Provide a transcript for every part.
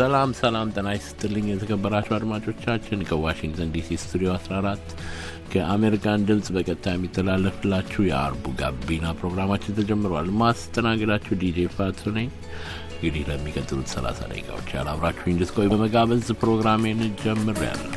ሰላም ሰላም፣ ጤና ይስጥልኝ የተከበራችሁ አድማጮቻችን ከዋሽንግተን ዲሲ ስቱዲዮ 14 ከአሜሪካን ድምፅ በቀጥታ የሚተላለፍላችሁ የአርቡ ጋቢና ፕሮግራማችን ተጀምሯል። ማስተናገዳችሁ ዲጄ ፋቱ ነኝ። እንግዲህ ለሚቀጥሉት 30 ደቂቃዎች ያላብራችሁ እንድትቆይ በመጋበዝ ፕሮግራሜን ጀምር ያለው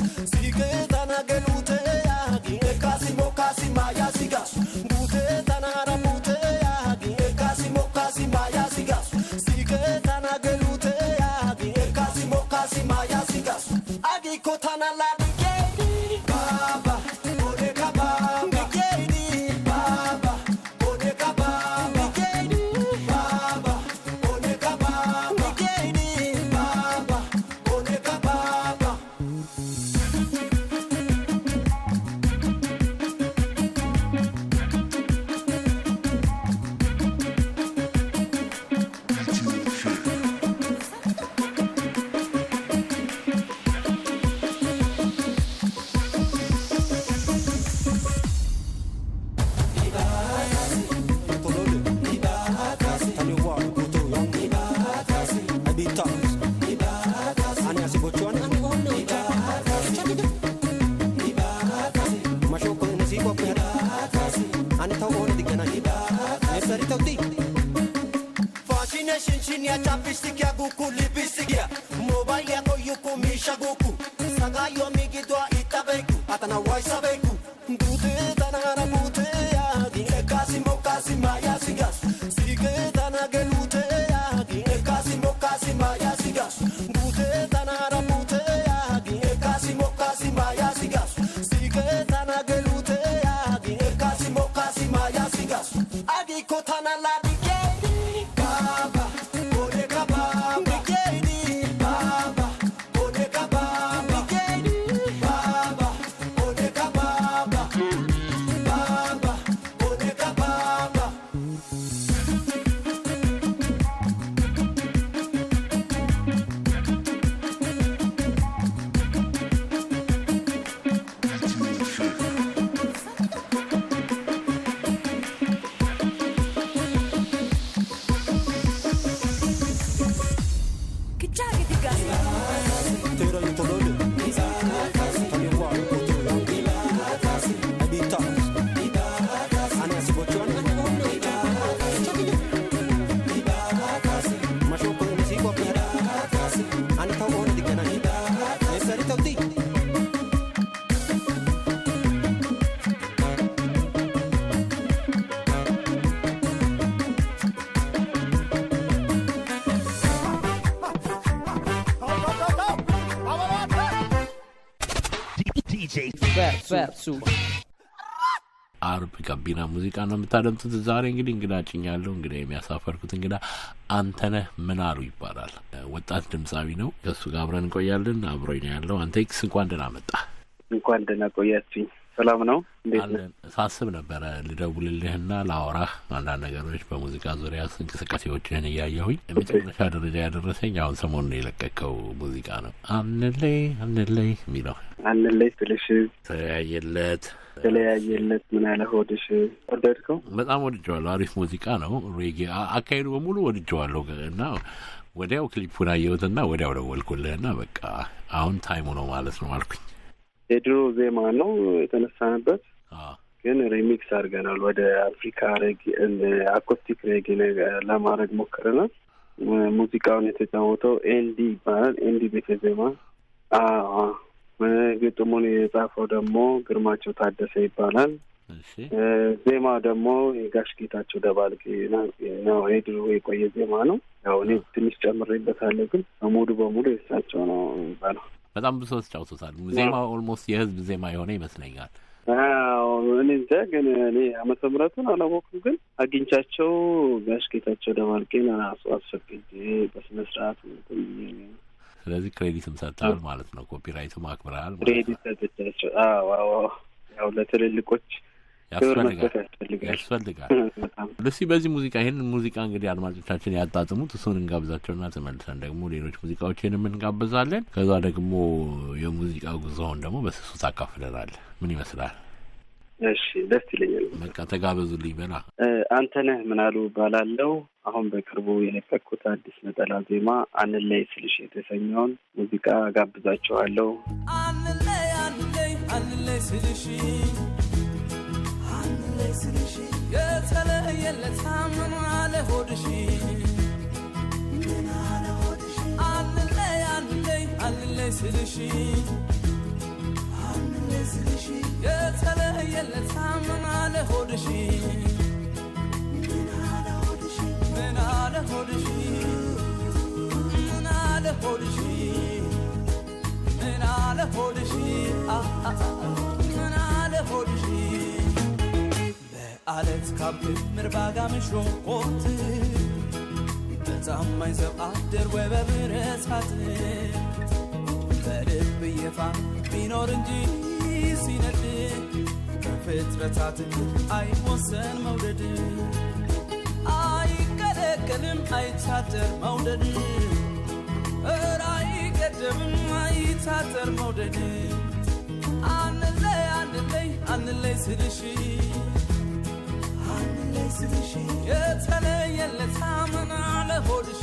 See you होती Fascination chin ya chapstick ya guku lipstick ya mobile ya ko yuko misha goku sagayon la la. አርብ ጋቢና ሙዚቃ ነው የምታደምጡት። ዛሬ እንግዲህ እንግዳ ጭኛለሁ። እንግዳ የሚያሳፈርኩት እንግዳ አንተነህ ምናሉ ይባላል። ወጣት ድምፃዊ ነው። ከእሱ ጋር አብረን እንቆያለን። አብሮኝ ነው ያለው። አንተ ክስ እንኳን ደህና መጣ። እንኳን ደህና ቆያችኝ። ሰላም ነው። እንዴት ሳስብ ነበረ ልደውልልህና ላወራህ አንዳንድ ነገሮች በሙዚቃ ዙሪያ እንቅስቃሴዎችህን እያየሁኝ የመጨረሻ ደረጃ ያደረሰኝ አሁን ሰሞኑን የለቀቀው ሙዚቃ ነው። አንለይ አንለይ የሚለው አንለይ ትልሽ ተያየለት የተለያየለት ምን ያለ ሆድሽ ወደድከው? በጣም ወድጀዋለሁ። አሪፍ ሙዚቃ ነው። ሬጌ አካሄዱ በሙሉ ወድጀዋለሁ እና ወዲያው ክሊፑን አየሁትና ወዲያው ደወልኩልህ ደወልኩልህና በቃ አሁን ታይሙ ነው ማለት ነው አልኩኝ። የድሮ ዜማ ነው የተነሳንበት ግን ሪሚክስ አድርገናል። ወደ አፍሪካ ሬጌ አኮስቲክ ሬጌ ለማድረግ ሞክረናል። ሙዚቃውን የተጫወተው ኤንዲ ይባላል። ኤንዲ ቤተ ዜማ ግጥሙን የጻፈው ደግሞ ግርማቸው ታደሰ ይባላል። ዜማ ደግሞ የጋሽ ጌታቸው ደባልቅ ነው። የድሮ የቆየ ዜማ ነው። ያው እኔ ትንሽ ጨምሬበታለሁ፣ ግን በሙሉ በሙሉ የሳቸው ነው የሚባለው። በጣም ብዙ ሰዎች ጫውቶታል። ዜማው ኦልሞስት የህዝብ ዜማ የሆነ ይመስለኛል። እኔ እንጃ ግን እኔ አመተ ምሕረቱን አላወቅኩም፣ ግን አግኝቻቸው ጋሽ ጌታቸው ደባልቄን አስዋሰብ በስነ ስርአቱ ስለዚህ ክሬዲትም ሰጥተሃል ማለት ነው። ኮፒራይቱም አክብረሃል ያው ለትልልቆች ያስፈልጋል። እስቲ በዚህ ሙዚቃ ይህን ሙዚቃ እንግዲህ አድማጮቻችን ያጣጥሙት፣ እሱን እንጋብዛቸውና ተመልሰን ደግሞ ሌሎች ሙዚቃዎችን እንጋብዛለን። ከዛ ደግሞ የሙዚቃ ጉዞውን ደግሞ በስሱ ታካፍለናል። ምን ይመስላል? እሺ ደስ ይለኛል። በቃ ተጋበዙልኝ። በላ አንተነህ ምናሉ ባላለው አሁን በቅርቡ የለቀኩት አዲስ ነጠላ ዜማ አንለይ ስልሽ የተሰኘውን ሙዚቃ ጋብዛችኋለሁ። አንለይ አንለይ አንለይ ስልሽ አንለይ ስልሽ ምን አለ ሆድሽ ምን አለ ሆድሽ አንለይ አንለይ አንለይ ስልሽ የተለየለት ሳምን አለ ሆድሽ ምን አለ ሆድሽ ምን አለ ሆድሽ ምን አለ ሆድሽ ምን አለ ሆድሽ በአለት ካብ ምርባጋ ምሾቆት በታማኝ ዘብ አደር ወይ በብረሳት በልብ የፋ ቢኖር እንጂ ሲነድ ከፍጥረታት አይወሰን መውደድ አይከለከልም አይታደር መውደድ እር አይገደብም አይታደር መውደድ አንለይ አንለይ አንለይ ስልሽ አንለይ ስልሽ ለሆድሽ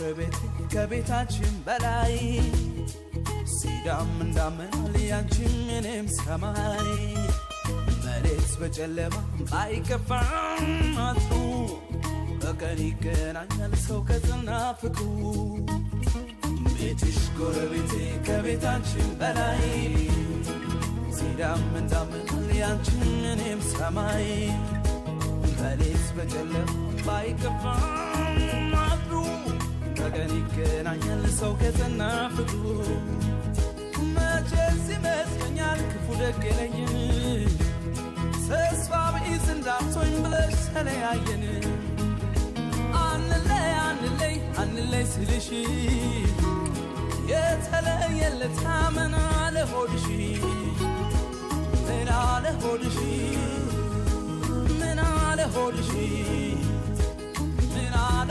ጎረቤት ከቤታችን በላይ ሲዳም እንዳመናል ያንቺም እኔም ሰማይ መሬት በጨለማ አይከፋም አቱ በቀን ይገናኛል ሰው ከትና ቤትሽ ጎረቤቴ ከቤታችን በላይ ሲዳም እንዳመናል ያንቺም እኔም ሰማይ መሬት በጨለማ አይከፋም በቀን ይገናኛል ሰው ከጸና ፍቅሩ መቼስ ይመስለኛል ክፉ ደግ የለየን ተስፋ ብኢዝ እንዳትሆኝ ብለሽ ተለያየን አንለይ አንለይ አንለይ ስልሽ የተለየለት አመና ለሆድሽ ምን አለ ሆድሽ ምን አለ ሆድሽ ምን አለ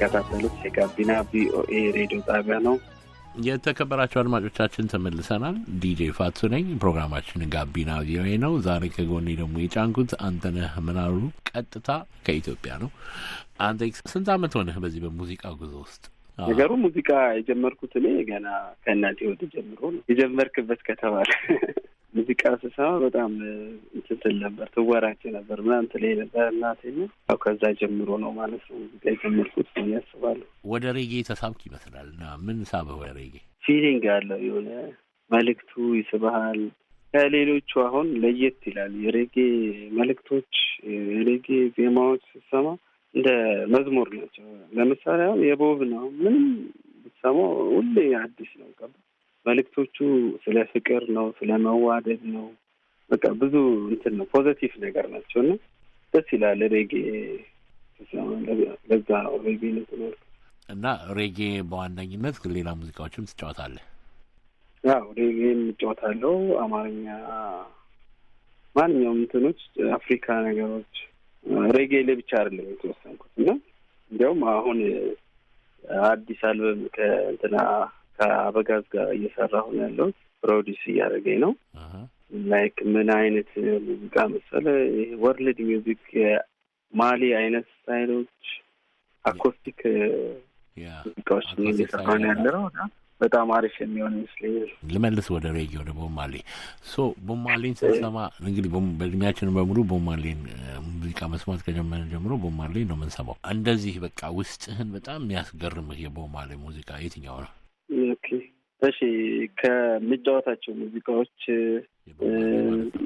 የምትከታተሉት የጋቢና ቪኦኤ ሬዲዮ ጣቢያ ነው። የተከበራቸው አድማጮቻችን ተመልሰናል። ዲጄ ፋቱ ነኝ። ፕሮግራማችን ጋቢና ቪኦኤ ነው። ዛሬ ከጎኔ ደግሞ የጫንኩት አንተነህ ምናሉ ቀጥታ ከኢትዮጵያ ነው። አንተ ስንት ዓመት ሆነህ በዚህ በሙዚቃ ጉዞ ውስጥ? ነገሩ ሙዚቃ የጀመርኩት እኔ ገና ከእናቴ ወዲህ ጀምሮ ነው የጀመርክበት ከተባለ ሙዚቃ ስሰማ በጣም እንትትል ነበር ትወራጭ ነበር ምናምን ትለኝ ነበር እናቴ። ያው ከዛ ጀምሮ ነው ማለት ነው ሙዚቃ የጀመርኩት ያስባሉ። ወደ ሬጌ ተሳብክ ይመስላል እና ምን ሳበ ወደ ሬጌ ፊሊንግ አለው የሆነ መልእክቱ ይስብሃል። ከሌሎቹ አሁን ለየት ይላል። የሬጌ መልእክቶች፣ የሬጌ ዜማዎች ስሰማ እንደ መዝሙር ናቸው። ለምሳሌ አሁን የቦብ ነው ምንም ብትሰማው ሁሌ አዲስ ነው። መልእክቶቹ ስለ ፍቅር ነው፣ ስለ መዋደድ ነው። በቃ ብዙ እንትን ነው፣ ፖዘቲቭ ነገር ናቸው እና ደስ ይላል። ሬጌ ለዛ ነው ሬጌ እና ሬጌ በዋነኝነት ሌላ ሙዚቃዎችም ትጫወታለህ? ያው ሬጌም እጫወታለሁ። አማርኛ ማንኛውም እንትኖች አፍሪካ ነገሮች ሬጌ ለብቻ ብቻ አይደለም የተወሰንኩት እና እንዲያውም አሁን አዲስ አልበም ከእንትና ከአበጋዝ ጋር እየሰራሁ ነው ያለሁት። ፕሮዲስ እያደረገኝ ነው። ላይክ ምን አይነት ሙዚቃ መሰለ ወርልድ ሚውዚክ የማሊ አይነት ስታይሎች አኮስቲክ ሙዚቃዎች እየሰራ እየሰራን ያለ ነው። በጣም አሪፍ የሚሆን ይመስለኛል። ልመልስ ወደ ሬዲዮ ወደ ቦማሌ ሶ ቦማሌን ስንሰማ እንግዲህ በእድሜያችን በሙሉ ቦማሌን ሙዚቃ መስማት ከጀመረ ጀምሮ ቦማሌ ነው የምንሰማው። እንደዚህ በቃ ውስጥህን በጣም የሚያስገርምህ የቦማሌ ሙዚቃ የትኛው ነው? እሺ ከሚጫወታቸው ሙዚቃዎች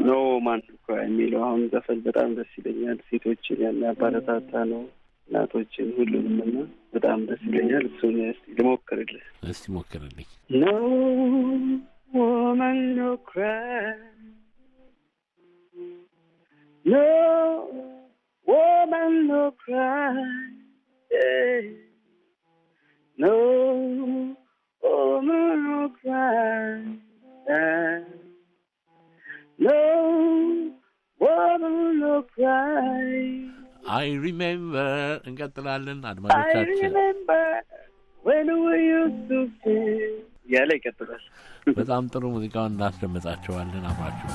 ኖ ማን የሚለው አሁን ዘፈን በጣም ደስ ይለኛል። ሴቶችን ያለ አባረታታ ነው፣ እናቶችን ሁሉንም እና በጣም ደስ ይለኛል። እሱን እስኪ ልሞክርልህ። እስቲ ሞክርልኝ። ኖ ወመን ኖ ክራይ ኖ ወመን ኖ ክራይ ኖ አይ my I remember እንቀጥላለን። አድማጮቻችን እያለ ይቀጥላል። በጣም ጥሩ ሙዚቃውን እናስደምጣቸዋለን። አብራችሁ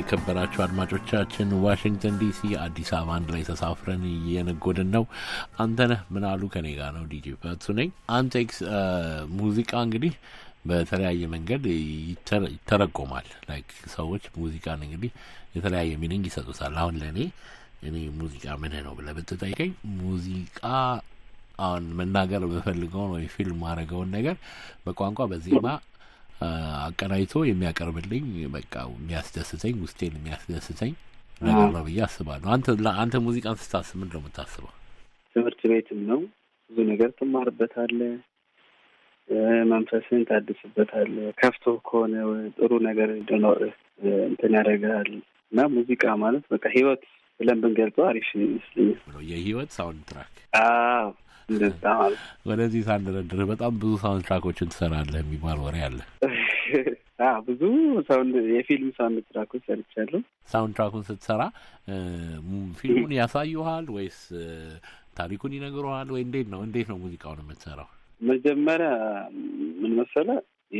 የተከበራችሁ አድማጮቻችን ዋሽንግተን ዲሲ፣ አዲስ አበባ አንድ ላይ ተሳፍረን እየነጎድን ነው። አንተነህ ምናሉ ከኔ ጋር ነው። ዲጂ ፈቱ ነኝ። አንቴክስ ሙዚቃ እንግዲህ በተለያየ መንገድ ይተረጎማል። ላይክ ሰዎች ሙዚቃን እንግዲህ የተለያየ ሚኒንግ ይሰጡታል። አሁን ለእኔ እኔ ሙዚቃ ምንህ ነው ብለህ ብትጠይቀኝ ሙዚቃ አሁን መናገር የምፈልገውን ወይ ፊልም ማድረገውን ነገር በቋንቋ በዜማ አቀናጅቶ የሚያቀርብልኝ በቃ የሚያስደስተኝ ውስጤን የሚያስደስተኝ ነገር ነው ብዬ አስባለሁ። አንተ አንተ ሙዚቃን ስታስብ ምንድን ነው የምታስበው? ትምህርት ቤትም ነው ብዙ ነገር ትማርበታለህ፣ መንፈስን ታድስበታለህ። ከፍቶ ከሆነ ጥሩ ነገር እንዲኖር እንትን ያደርግሃል እና ሙዚቃ ማለት በቃ ህይወት ብለን ብንገልጸው አሪፍ ይመስለኛል። የህይወት ሳውንድ ትራክ እንደዛ ማለት ወደዚህ ሳንደረድር በጣም ብዙ ሳውንድ ትራኮችን ትሰራለህ የሚባል ወሬ አለ። ብዙ ሳውንድ የፊልም ሳውንድ ትራኮች ሰርቻለሁ። ሳውንድ ትራኩን ስትሰራ ፊልሙን ያሳዩሃል ወይስ ታሪኩን ይነግረዋል ወይ? እንዴት ነው እንዴት ነው ሙዚቃውን የምትሰራው? መጀመሪያ ምን መሰለ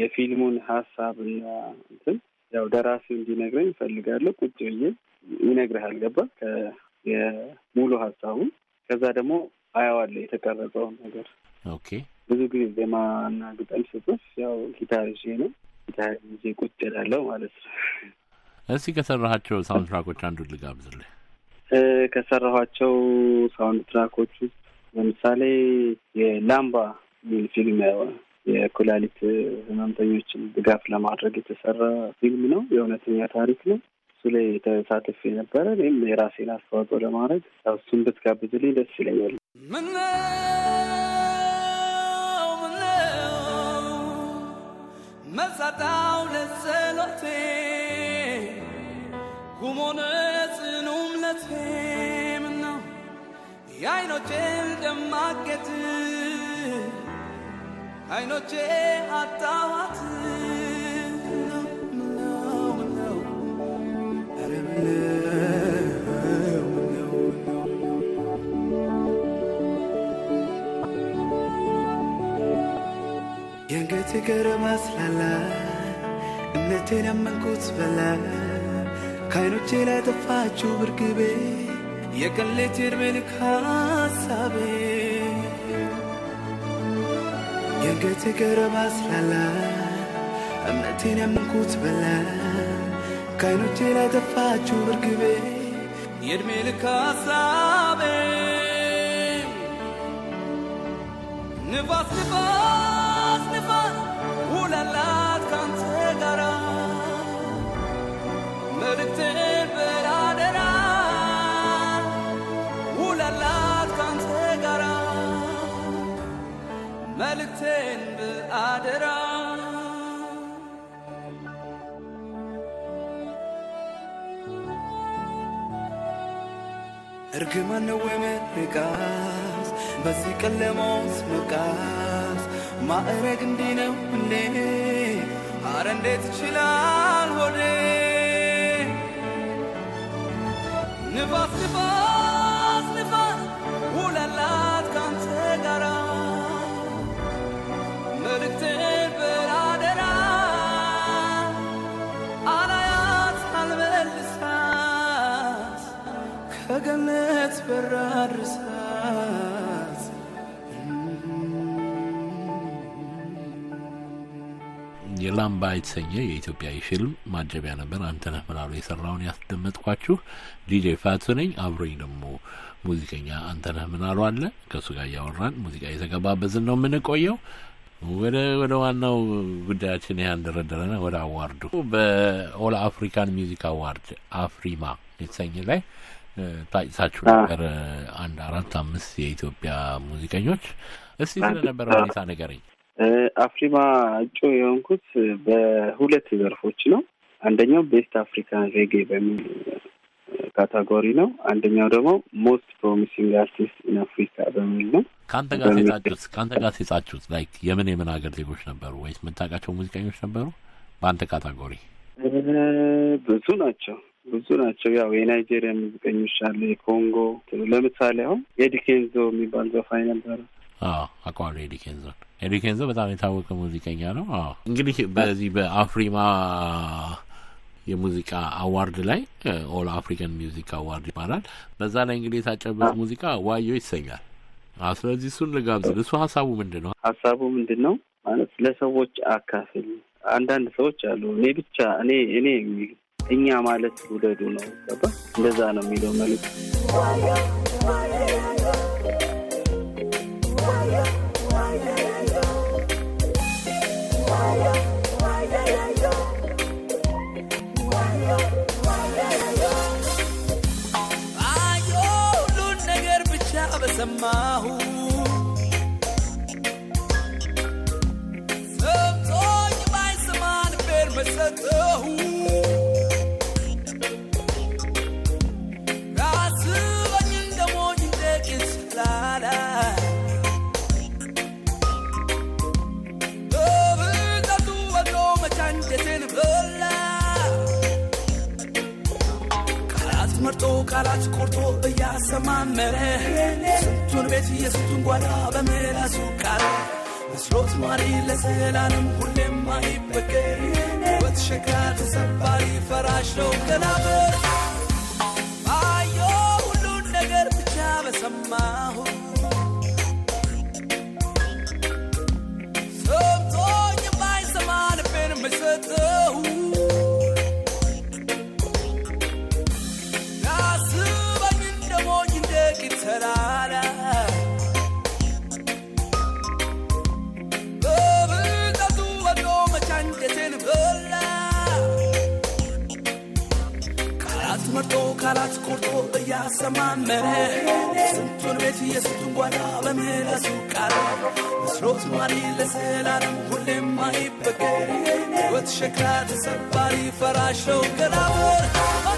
የፊልሙን ሀሳብና እንትን ያው ደራሲው እንዲነግረኝ እፈልጋለሁ። ቁጭ ብዬ ይነግርሃል። ገባ ሙሉ ሀሳቡን ከዛ ደግሞ አየዋለሁ የተቀረጸውን ነገር። ኦኬ ብዙ ጊዜ ዜማና ግጠም ስጡስ ያው ጊታር ይዤ ነው ጊታር ይዤ ቁጭ እላለሁ ማለት ነው። እስኪ ከሰራሃቸው ሳውንድ ትራኮች አንዱ ልጋብዝልህ። ከሰራኋቸው ሳውንድ ትራኮች ውስጥ ለምሳሌ የላምባ የሚል ፊልም የኩላሊት ህመምተኞችን ድጋፍ ለማድረግ የተሰራ ፊልም ነው። የእውነተኛ ታሪክ ነው። እሱ ላይ ተሳትፍ ነበረ። እኔም የራሴን አስተዋጽኦ ለማድረግ እሱን ብትጋብዝልኝ ደስ ይለኛል። ምነው ምነው መጻጣው ለጸሎቴ ቁሞነ ጽኑ እምነቴ ምነው አጣዋት ፍቅር ማስላላ እምነቴን ያመንኩት በላ ከአይኖቼ ላይ ጠፋችሁ ብርግቤ የቀሌት የእድሜ ልክ ሀሳቤ የአንገቴ ገረብ አስላላ እምነቴን ያመንኩት በላ ከአይኖቼ ላይ ጠፋችሁ ብርግቤ የእድሜ ልክ ሀሳቤ ንፋስ ንፋስ እርግማን ነው ወይ ምርቃት? በዚህ ቀን ለሞት መብቃት ማዕረግ እንዲህ ነው እንዴ? አረ እንዴት ይችላል ሆዴ ንፋስ ንፋስ የላምባ የተሰኘ የኢትዮጵያዊ ፊልም ማጀቢያ ነበር አንተነህ ምናሉ የሰራውን ያስደመጥኳችሁ። ዲጄ ፋቱ ነኝ። አብሮኝ ደግሞ ሙዚቀኛ አንተነህ ምናሉ አለ። ከእሱ ጋር እያወራን ሙዚቃ የተገባበዝን ነው የምንቆየው። ወደ ወደ ዋናው ጉዳያችን ይህ እንደረደረና ወደ አዋርዱ በኦል አፍሪካን ሚዚክ አዋርድ አፍሪማ የተሰኘ ላይ ታጭሳችሁ ነበር አንድ አራት አምስት የኢትዮጵያ ሙዚቀኞች። እስቲ ስለነበረ ሁኔታ ንገረኝ። አፍሪማ እጩ የሆንኩት በሁለት ዘርፎች ነው። አንደኛው ቤስት አፍሪካን ሬጌ በሚል ካታጎሪ ነው። አንደኛው ደግሞ ሞስት ፕሮሚሲንግ አርቲስት ኢን አፍሪካ በሚል ነው። ከአንተ ጋር ሴጣችሁት ከአንተ ጋር ሴጣችሁት ላይክ የምን የምን ሀገር ዜጎች ነበሩ ወይስ የምታውቃቸው ሙዚቀኞች ነበሩ? በአንተ ካታጎሪ ብዙ ናቸው። ብዙ ናቸው። ያው የናይጄሪያ ሙዚቀኞች አለ፣ የኮንጎ ለምሳሌ አሁን ኤዲኬንዞ የሚባል ዘፋኝ ነበረ። አቋሉ አውቀዋለሁ ኤዲኬንዞ በጣም የታወቀ ሙዚቀኛ ነው። እንግዲህ በዚህ በአፍሪማ የሙዚቃ አዋርድ ላይ ኦል አፍሪካን ሚውዚክ አዋርድ ይባላል። በዛ ላይ እንግዲህ የታጨበት ሙዚቃ ዋዮ ይሰኛል። ስለዚህ እሱን ልጋብዝ። እሱ ሀሳቡ ምንድን ነው? ሀሳቡ ምንድን ነው ማለት ለሰዎች አካፍል። አንዳንድ ሰዎች አሉ እኔ ብቻ እኔ እኔ እኛ ማለት ውደዱ ነው። ገባ? እንደዛ ነው የሚለው መልዕክት። ሁሉን ነገር ብቻ በሰማሁ ቃላት ቆርጦ እያሰማመረ ስንቱን ቤት የስንቱን ጓዳ በምላሱ ቃረ መስሎት ማሪ ለዘላለም ሁሌም አይበገር ወትሸካ ተሰባሪ ፈራሽ ነው ገናበር መርጦ ካላት ቆርጦ እያሰማመረ ስንቱን ቤት የስንቱን ጓዳ በምህረቱ ቃል መስሎት ማሪ ለዘላለም ሁሌም አይበገር ወት ሸክላ ተሰባሪ ፈራሽ ነው ገላበር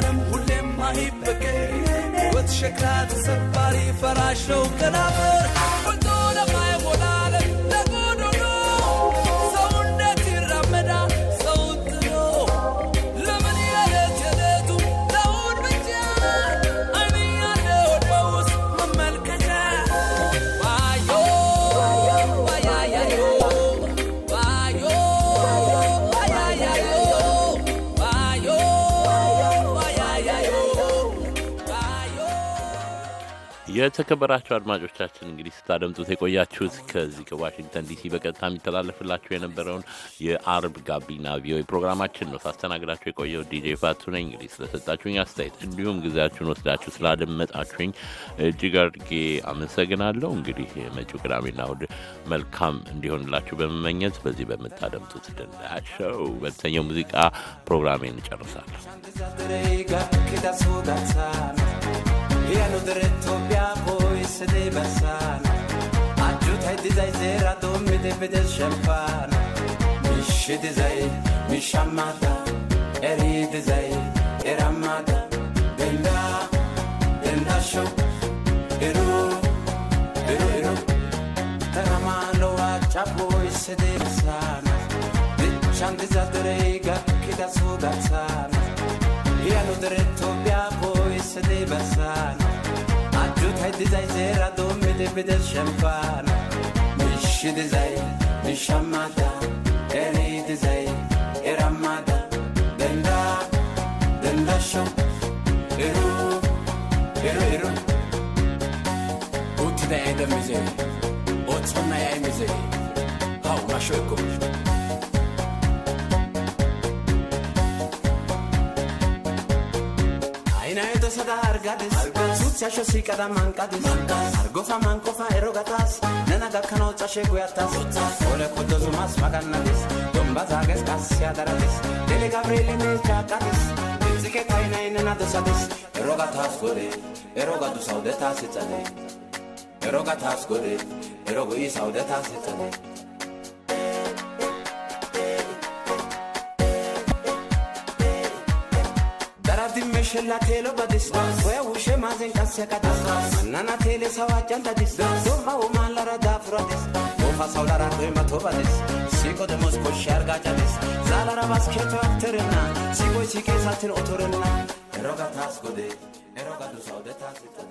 ዛሬም ሁሌም አይበገር ሕይወት ሸክላ ተሰባሪ ፈራሽ ነው ቀናበር የተከበራችሁ አድማጮቻችን እንግዲህ ስታደምጡት የቆያችሁት ከዚህ ከዋሽንግተን ዲሲ በቀጥታ የሚተላለፍላችሁ የነበረውን የአርብ ጋቢና ቪኦኤ ፕሮግራማችን ነው። ሳስተናግዳችሁ የቆየው ዲጄ ፋቱ ነኝ። እንግዲህ ስለሰጣችሁኝ አስተያየት እንዲሁም ጊዜያችሁን ወስዳችሁ ስላደመጣችሁኝ እጅግ አድርጌ አመሰግናለሁ። እንግዲህ መጪው ቅዳሜና እሑድ መልካም እንዲሆንላችሁ በመመኘት በዚህ በምታደምጡት ድንዳያቸው በተሰኘው ሙዚቃ ፕሮግራሜን እጨርሳለሁ። e hanno detto piavo e se deve passare aggiunta e disai sera dormi te vede il champagne mi scede sei mi sciamata e ride sei e ramata venga venga show ero ero ero ramano a ciapo e se deve passare Chantiza de rega, que da sua dançana Gano diretto biapo isse di bassano Acciut hai dizay zera domi di bidel şempano Mişi dizay, mişammada Eri dizay, erammada Denda, denda şo Eru, eru eru Uti de edemizi Otsonna yemizi Hav maşo ekomiş გადესა და არ გადეს სუცია შესიკა და მანკადეს არგოხა მანკოხა ეროგატას ნანა გაქანო წაშე გუათას ოლე ხოდოზუ მას მაგანადეს დომბაზ აგეს კასი ადარადეს დელე გავრელი მე ჩაკადეს ძიკე ქაინა ინანა დოსადეს ეროგატას გორე ეროგატუ საუდე თასი წადე ეროგატას გორე ეროგო ის საუდე თასი წადე shella telo badis we u she mazen kasya kata nana tele sawa janta dis so ma u malara da frodis o fa saulara tu ma to badis siko de mosko sharga jadis zalara bas keto terna siko sike satin otorna eroga tasko de eroga du saude tasko